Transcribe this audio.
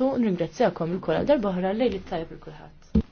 Tu nringrazzjakom il-kola darba ħra lejli tajab il-kulħadd.